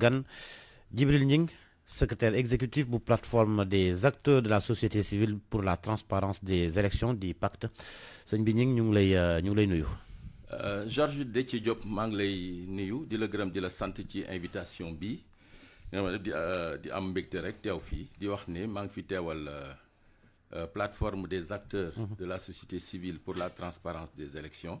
gan Djibril Ning secrétaire exécutif pour plateforme des acteurs de la société civile pour la transparence des élections du pacte Seigne bi Ning ñu ngi euh, ñu euh, Georges Dethie Diop maa lay la santé invitation bi euh, di am mbégte rek teew plateforme des acteurs mhm. de la société civile pour la transparence des élections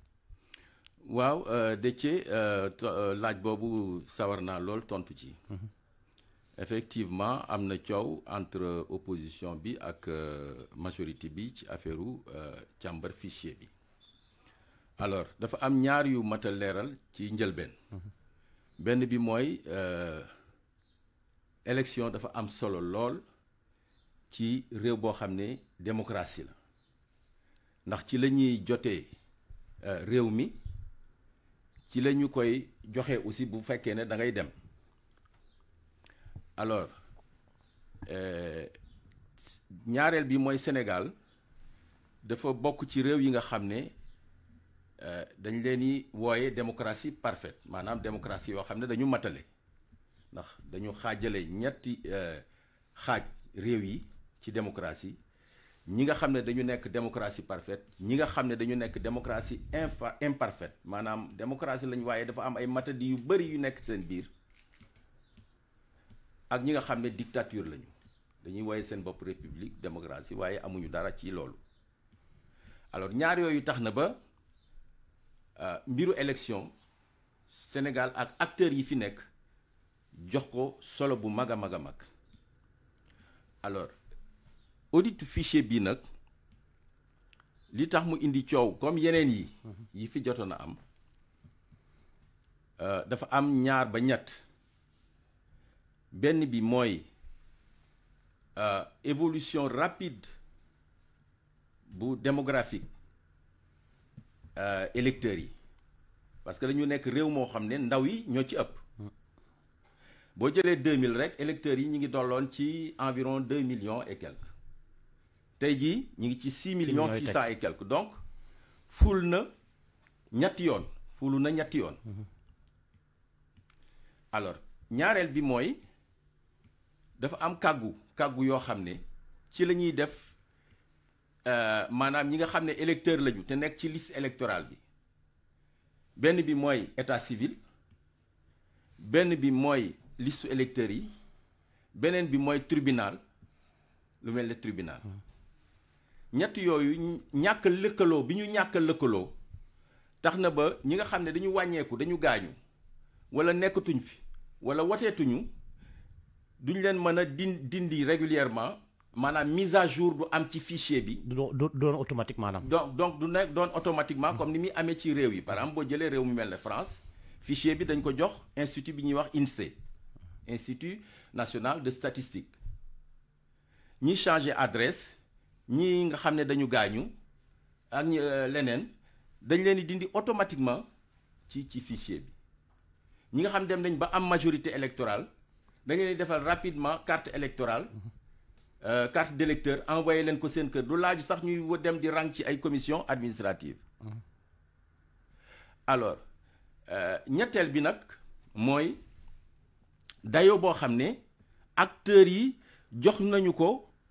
waaw euh, euh, euh laaj Bobu Sawarna naa lool tontu ci. Mhm. effectivement am na entre opposition bi ak euh, majorité bi ci affaireu chamber fichier bi alors dafa am ñaar yu mat a leeral ci njëlbeen. Mhm. benn bi euh, élection dafa am solo lool ci réew bo xamné démocratie la ndax ci lañuy ñuy réew mi. ci la ñu koy joxe aussi bu fekkee ne da ngay dem alors euh, ñaareel bi mooy Sénégal dafa bokk ci réew yi nga xam ne euh, dañ leen di wooye démocratie parfaite maanaam démocratie yoo xam ne dañu matale ndax dañu xaajale ñetti euh, xaaj réew yi ci démocratie ñi nga xam dañu nek démocratie parfaite ñi nga xam dañu nek démocratie imparfaite manam démocratie lañ waaye dafa am ay matadi yu bari yu nek seen biir ak ñi nga xam dictature lañu dañuy wayé seen bop république démocratie waaye amuñu dara ci loolu alors ñaar yoyu taxna ba euh mbiru élection Sénégal ak acteur yi fi nek jox ko solo bu maga maga mak alors audit fichier bi nak li tax mu indi ciow comme yeneen yi yi fi jotona am euh dafa am ñaar ba ñett benn bi euh évolution rapide bu démographique euh, électeurs yi parce que dañu nek rew mo xam ndaw yi ñoo ci ëpp bo jëlé 2000 rek électeurs yi ñi ngi dolon ci environ 2 millions et quelques Tayji, y 6 millions 600 et quelques donc il y a des alors dafa am manam euh, ñi nga électeur lañu ci liste électorale bi benn bi moy état civil benn bi moy liste yi bi tribunal lu mel tribunal mm-hmm ñett yooyu ñàkk lëkkaloo bi ñu ba ñi nga dañu wala fi wala duñ leen régulièrement maanaam mise à jour du fichier bi. du donc donc du automatiquement comme ni muy amee ci réew par exemple France fichier bi dañ ko institut bi INSEE institut national de statistique ñi changer adresse ñi nga xamné dañu gañu ak ñi euh, leneen dañ leen di dindi automatiquement ci ci fichier bi ñi nga xam dem nañ ba am majorité électorale dañ leen di defal rapidement carte électorale euh, carte d'électeur envoyé leen ko seen kër du laaju sax ñuy dem di rang ci ay commission administrative alors euh, ñettel bi nak moy dayo bo xamné acteur yi jox nañu ko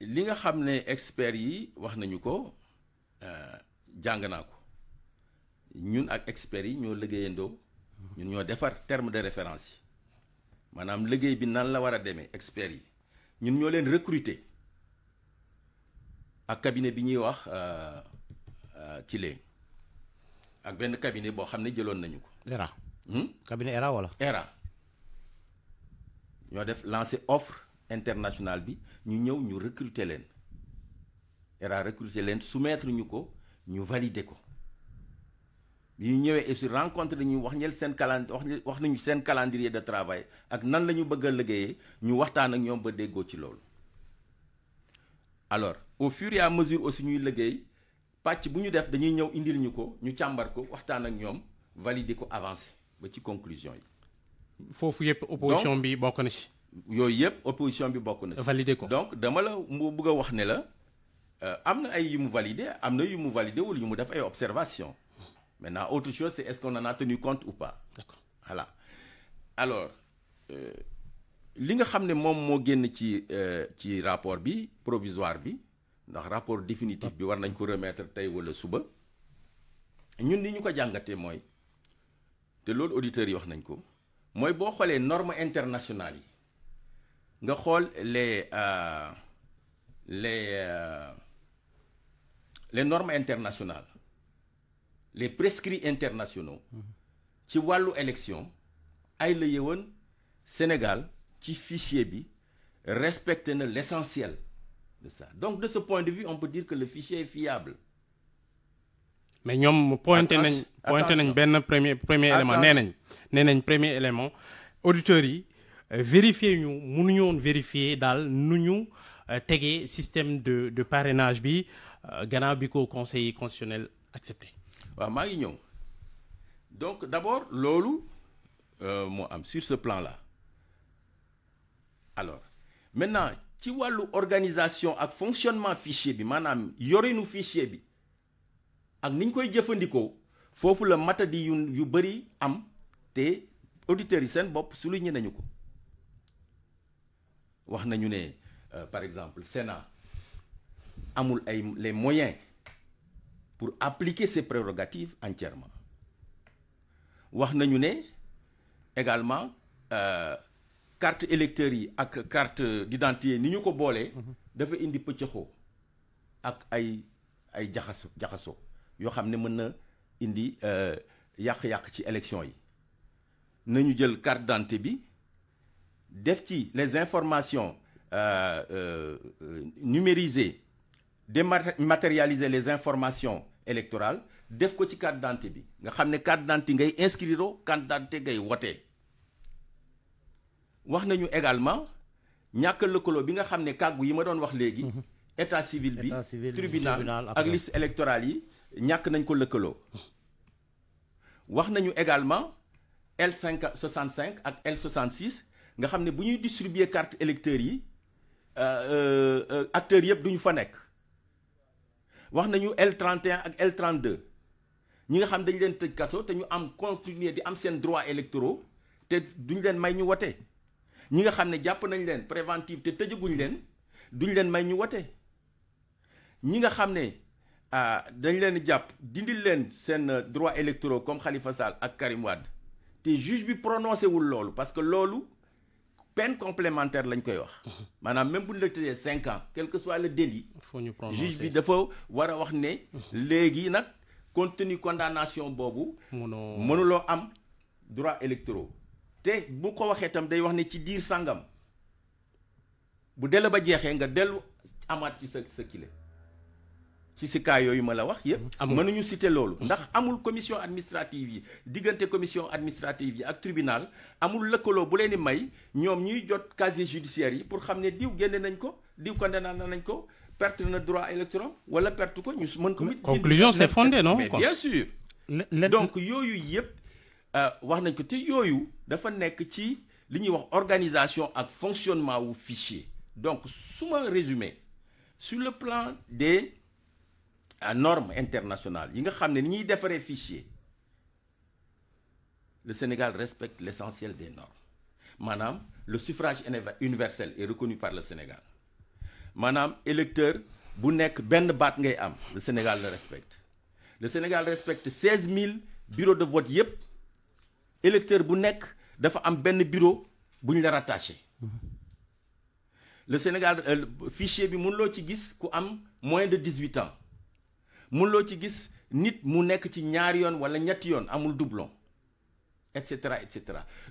li nga xamné expert yi wax nañu ko euh, jàng naa ko ñun ak expert yi ñoo liggéeyendo ñun ñoo défar terme de référence yi maanaam liggéey bi nan la wara démé expert yi ñun ñoo leen recruter ak cabinet bi ñuy wax euh, euh leen ak benn cabinet bo xamné ne nañu ko. ERA. Hmm? cabinet ERA wala. ERA ñoo def lancer offre international bi ñu ñëw ñu recruter leen ERA recruter leen soumettre ñu ko ñu valider ko bi ñu ñëwee si rencontre ñu wax ñel seen calendrier wax wax nañu seen calendrier de travail ak nan la ñu bëgg a liggéeyee ñu waxtaan ak ñoom ba déggoo ci loolu alors au fur et à mesure aussi ñuy liggéey pàcc bu ñu def dañuy ñëw indil ñu ko ñu càmbar ko waxtaan ak ñoom valider ko avancer ba ci conclusion yi. foofu yëpp opposition bi bokk na ci yooyu opposition bi bokk na validé ko donc dama la mu bëgg wax ne la euh, am na ay yimu mu validé am na validé wala yimu def ay observation maintenant autre chose c'est est ce qu'on en a tenu compte ou pas. D'accord. voilà alors euh, li nga xamné mom mo génn ci euh, ci rapport bi provisoire bi ndax rapport définitif bi war nañ ko remettre tay wala suba ñun ni ñu ko jàngatee mooy te loolu auditeurs yi wax nañ ko mooy boo xoolee normes internationales yi nga euh, euh, les normes internationales les prescrits internationaux ci wàllu élection ay le Sénégal ci fichier bi respecte l'essentiel de ça donc de ce point de vue on peut dire que le fichier est fiable mais nous, pointé nañ pointé premier élément nee premier élément vérifier ñu nous woon vérifier dans nous nous euh, tegee système de de parrainage bi euh, gana bi ko conseil constitutionnel accepté. waaw ngi donc d'abord loolu euh, moo am sur ce plan-là alors maintenant ci walu organisation ak fonctionnement fichier bi yori yorinu fichier bi ak niñ koy jëfëndiko fofu la matadi yu yu bëri am te auditeurs yi seen bopp souligné nañu ko wax nañu euh, par exemple Sénat amul ay les moyens pour appliquer ses prérogatives entièrement wax nañu également euh, carte électeur yi ak carte d'identité ni ñu ko bolé dafa indi pëccëxoo ak ay ay jaxaso jaxaso ne mën indi euh, yàq ci élection yi nañu jël carte d'identité bi def ci les informations euh, euh, numérisées dématérialiser les informations électorales def ko ci carte d'identité bi nga xamné ne carte d'identité ngay inscrire carte d'identité ngay voter. wax nañu également le lëkkaloo bi nga xamné ne yi ma doon wax légui mhm. état civil bi tribunal ak liste électorale yi ñak nañ ko lëkkaloo wax nañu également L65 ak L66 nga xamné buñuy distribuer carte électeur yi euh, euh, euh acteurs yépp duñu fa nek wax nañu L31 ak L32 ñi nga xam dañu leen tëj kasso té ñu am continuer di am sen droit électoraux té duñ leen may ñu wote ñi nga xamné japp nañ leen préventif té tëjaguñ leen duñ leen may ñu wote ñi nga xamné ah dañ leen japp dindil leen sen droit électoraux comme Khalifa Sall ak Karim Wade té juge bi prononcé wul loolu parce que loolu peine complémentaire lañ koy wax. Mhm. maanaam même bu ñu la tëjee cinq ans quel que soit le délit. juge bi dafa war a wax ne. Mhm. léegi nag contenu condamnation boobu. mënuloo am droit électoraux. te bu ko waxee tam day wax ne ci diir sangam bu delloo ba jeexee nga dellu amaat ci sa sa kile ci si cas yoyu mala wax yëpp. meunuñu citer loolu. ndax amul commission administrative yi commission administrative yi ak tribunal amul lecolo, bu leni may ñom ñuy jot casier judiciaire yi pour xamné diw génne nañ ko diw condamné nañ ko perte na droit électoral wala perte ko ñu mën ko. conclusion c'est fondé non mais bien sûr. donc yoyu yep, euh, wax nañ ko té yoyu dafa nekk ci li ñuy wax organisation ak fonctionnement wu fichier donc sous un résumé sur le plan des à norme internationale fichier le Sénégal respecte l'essentiel des normes Madame, le suffrage universel est reconnu par le Sénégal Madame, électeur bu le Sénégal le respecte le Sénégal respecte 16 000 bureaux de vote yépp électeur bu nekk dafa am bureau le Sénégal euh, fichier bi moins de 18 ans ne ci gis nit mu nekk wala amul doublon et cetera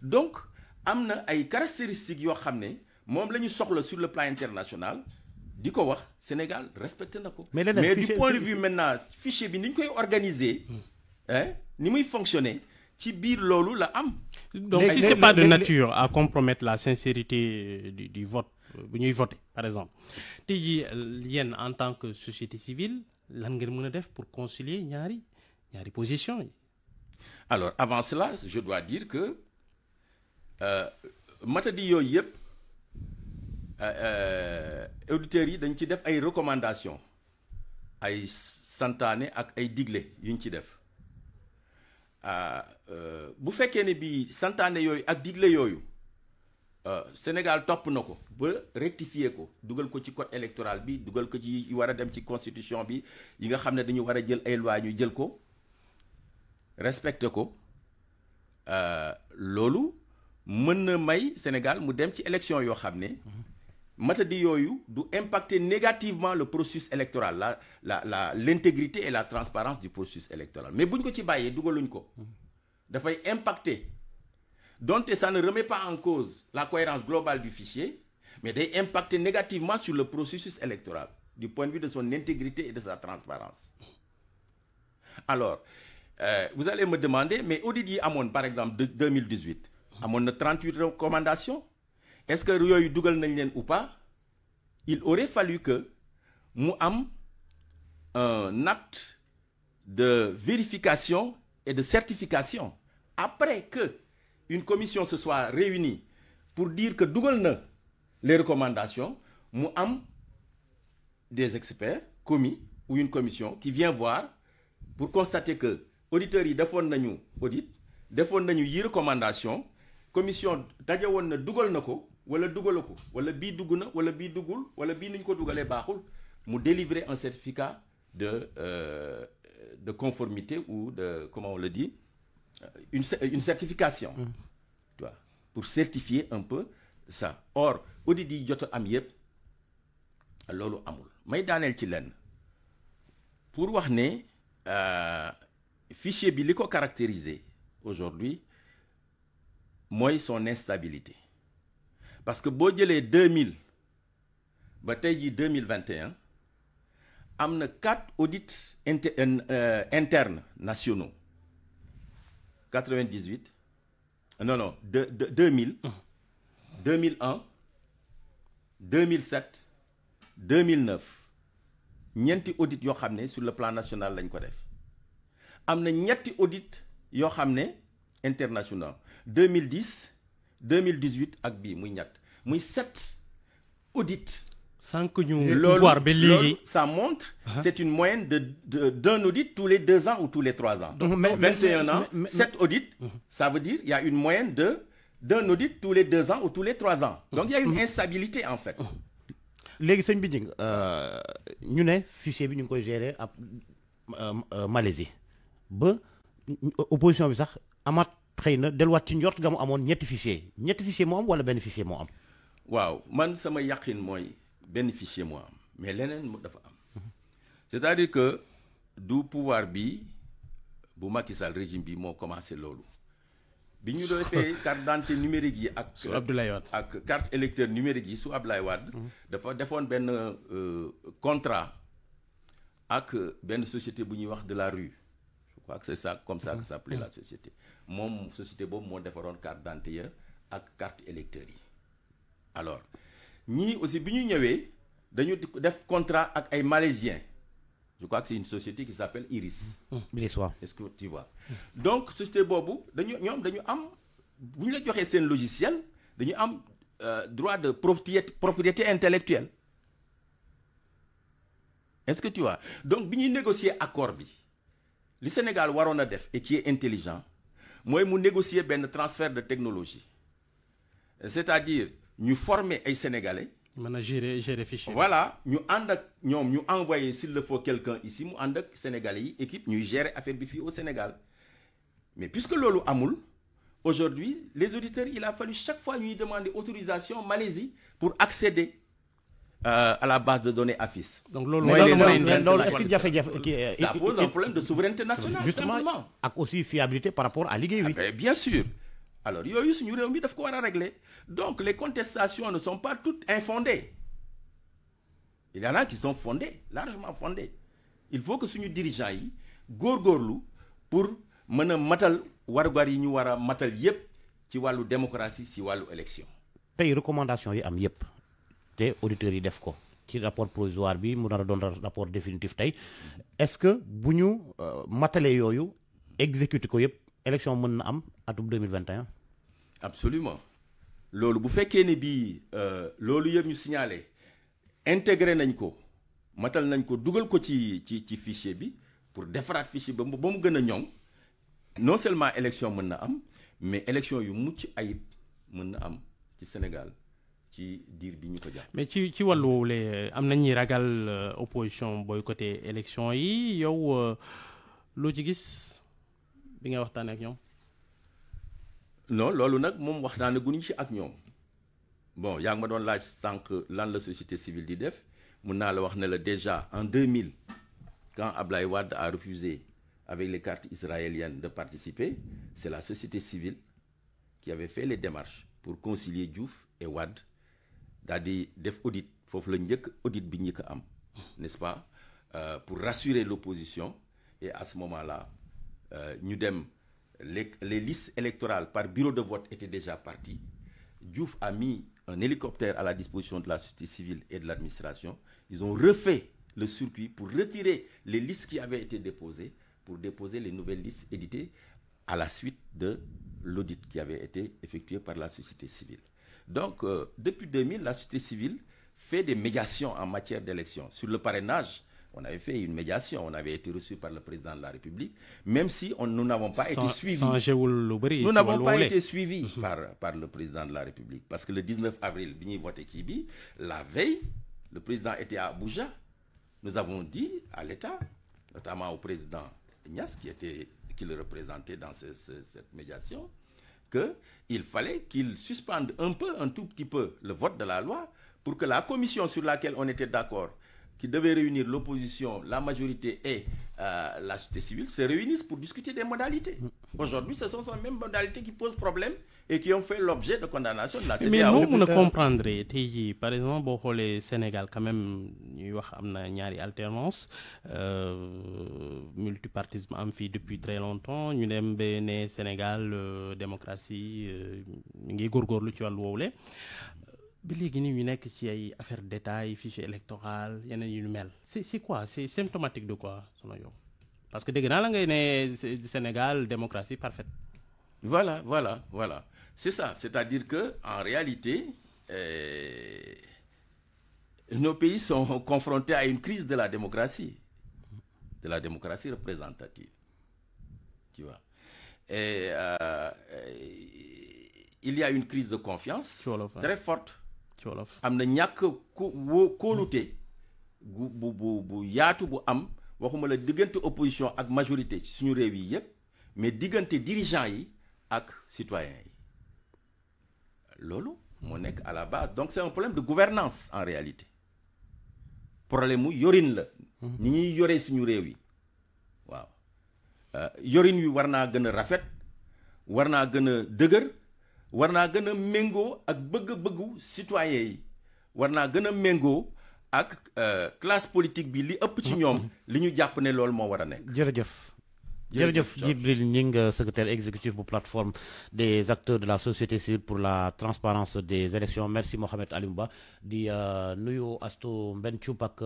donc am ay caractéristiques sur le plan international di wax Sénégal respecté mais, du point de vue maintenant fichier bi ni koy organiser. Hmm. Hein, ni fonctionner ci la donc si c'est pas de nature à compromettre la sincérité euh, du, vote euh, bu voter par exemple euh, en tant que société civile lan ngeen mën pour concilier ñaari ñaari alors avant cela je dois dire que euh, matadi yooyu euh, euh, auditeurs yi dañ ci def ay recommandations ay digle yu ci def ah, euh, bu euh, Sénégal top noko ko ba rectifier ko dugal ko ci code électoral bi dugal ko ci wara dem ci constitution bi yi nga xam dañu wara jël ay loi ñu jël ko respecté ko euh, loolu na may Sénégal mu dem ci élection yo xam mata di yoyu du impacter négativement le processus électoral la la la l'intégrité et la transparence du processus électoral mais buñ ko ci bàyyee dugaluñ ko fay impacté donc, ça ne remet pas en cause la cohérence globale du fichier, mais d'impacter négativement sur le processus électoral du point de vue de son intégrité et de sa transparence. Alors, euh, vous allez me demander, mais audit Amon, par exemple 2018 Amon 38 recommandations est-ce que a eu ou pas il aurait fallu que nous un acte de vérification et de certification après que une commission se soit réunie pour dire que dugal na les recommandations mu am des experts commis ou une commission qui vient voir pour constater que auditeurs yi defoon nañu audit defoon nañu yi recommandation commission daje woon na dugal na wala dugala wala bi duguna wala bi duggul wala bi niñ ko dougalé baxul mu délivrer un certificat de euh, de conformité ou de comment on le dit euh, une, certification mm. pour certifier un peu ça or audit di jot am Lolo amul pour wax le euh, fichier bi est aujourd'hui c'est son instabilité parce que vous avez 2000 ba 2021, 2021 a quatre audits euh, internes nationaux 98. Non, non, de, 2000. 2001. 2007. 2009. Nous audit yo xamné sur le plan national lañ ko def avons des ñetti audit yo international 2010 2018 ak bi muy ñatt muy sept audits ça montre ah ah. c'est une moyenne de d'un audit tous les deux ans ou tous les trois ans donc 21 ans Cette 7 audits mm-hmm. ça veut dire il y a une moyenne de d'un audit tous les deux ans ou tous les trois ans mm-hmm. donc il y a une mm-hmm. instabilité en fait les seigne bi euh, ñu né fichier bi ñu ko gérer à euh, euh, Malaisie ba opposition bi sax amat xeyna deluat ci ñort gamu amone ñet fichier ñet fichier mo am wala ben fichier mo am waaw man benn moi mais leneen mu dafa c'est-à-dire que du pouvoir bi bu Macky Sall régime bi mo commencé lolu bi ñu doon fay carte d'identité numérique yi ak. Abdoulaye ak carte électeur numérique yi su Abdoulaye Wade. Hum. dafa euh, contrat ak une société bu ñuy wax de la rue je crois que c'est ça comme ça que hum. s'appelait la hum. société mon société bob mo une carte d'identité avec ak carte électeur yi alors ni aussi un ñëwé dañu def contrat avec ay malaisiens je crois que c'est une société qui s'appelle Iris. Hmm. bien sûr. est-ce que tu vois. donc société bobu dañu ñom dañu am buñ la joxé un logiciel dañu am euh, droit de propriété intellectuelle est-ce que tu vois donc biñu négocier accord bi le Sénégal warona def et qui est intelligent nous mu négocier un transfert de technologie c'est-à-dire nous former ay sénégalais. mën a gérer gérer fichier voilà ñu ànd ak envoyé s'il le faut quelqu'un ici nous ànd ak sénégalais équipe ñuy gérer affaire bi fii au Sénégal mais puisque loolu amul aujourd'hui les auditeurs il a fallu chaque fois lui demander autorisation Malaisie pour accéder. Euh, à la base de données AFIS. Donc, l'eau est-ce qu'il y a Ça pose un problème de souveraineté nationale. Justement, avec aussi fiabilité par rapport à liggéey 8. Ah ben, bien sûr alors il y a eu daf ko war régler donc les contestations ne sont pas toutes infondées il y en a qui sont fondées largement fondées il faut que nous dirigeants yi góorgóorlu pour mën a matal wargar yi ñu wara matal yépp ci walu démocratie ci walu élection Tay recommandation yi am yépp te auditeur yi def ko ci rapport provisoire bi mu dara rapport définitif tay. est-ce que buñu euh, matalé yoyu exécuter ko yépp élection mën na am atum 2021 absolument loolu bu fekkee ne bii euh, loolu yëpp ñu signalé intégré nañ ko matal nañ ko dugal ko ci ci ci fichier bi pour defaraat fichier ba mu ba mu gën a ñoŋ non seulement élection mën na am mais élection yu mucc ayib mën na am ci Sénégal ci diir bi ñu ko jàpp. mais ci ci wàllu woowu am na ñuy ragal euh, opposition boycotté élection yi yow euh, loo ci gis bi ngay ak ñoom. non loolu nag moom waxtaanee guñu ci ak ñoom bon yaa ngi ma doon laaj sànq la société civile di def mun naa la wax ne déjà en 2000 quand Ablaye Wade a refusé avec les cartes israéliennes de participer c'est la société civile qui avait fait les démarches pour concilier Diouf et Wad daal di def audit foofu la njëkk audit bi am n'est-ce pas euh, pour rassurer l'opposition et à ce moment-là euh, ñu les listes électorales par bureau de vote étaient déjà parties Diouf a mis un hélicoptère à la disposition de la société civile et de l'administration ils ont refait le circuit pour retirer les listes qui avaient été déposées pour déposer les nouvelles listes éditées à la suite de l'audit qui avait été effectué par la société civile. Donc, euh, depuis 2000, la société civile fait des médiations en matière d'élection. Sur le parrainage, on avait fait une médiation, on avait été reçu par le président de la République, même si on, nous n'avons pas été suivis. nous n'avons pas été suivis mhm. par, le président de la République. Parce que le 19 avril, la veille, le président était à Abuja. Nous avons dit à l'État, notamment au président Ignace, qui, était, qui le représentait dans cette médiation, qu'il fallait qu'il suspende un peu, un tout petit peu, le vote de la loi pour que la commission sur laquelle on était d'accord qui devait réunir l'opposition, la majorité et euh, la société civile se réunissent pour discuter des modalités. Mm. Aujourd'hui, ce sont ces mêmes modalités qui posent problème et qui ont fait l'objet de condamnation de la CDAO. Mais nous, ne pas. par exemple, le Sénégal, quand même, il y a une alternance, euh, multipartisme en depuis très longtemps, nous avons Sénégal, euh, démocratie, nous avons il y a ñu nekk ci affaire fichier électoral c'est quoi c'est symptomatique de quoi parce que dégg naa la ngay Sénégal démocratie parfaite. voilà voilà voilà c'est ça c'est-à-dire que en réalité euh, nos pays sont confrontés à une crise de la démocratie de la démocratie représentative tu vois et euh, euh, il y a une crise de confiance hein. très forte ci amna ñak ko ko luté bu bu bu bu yaatu bu am waxuma la digënté opposition ak majorité ci suñu réew yi yépp mais digënté dirigeants yi ak citoyens yi lolu mo nekk à la base donc c'est un problème de gouvernance en réalité problème mu yorine la mhm. ni ñuy yoree suñu réew yi waaw euh, yorin wi war naa gën rafet war gëna gën dëgër war naa gën a méngoo ak bëgg-bëggu citoyen yi war naa gën a méngoo ak euh, classe politique bi li ëpp ci ñoom li ñu jàpp ne loolu moo war a nekk jërëjëf jërëjëf Djibril Gningue euh, secrétaire exécutif bu plateforme des acteurs de la société civile pour la transparence des élections merci Mohamed Alioumba di euh, nuyu Astou Mbenn Thioub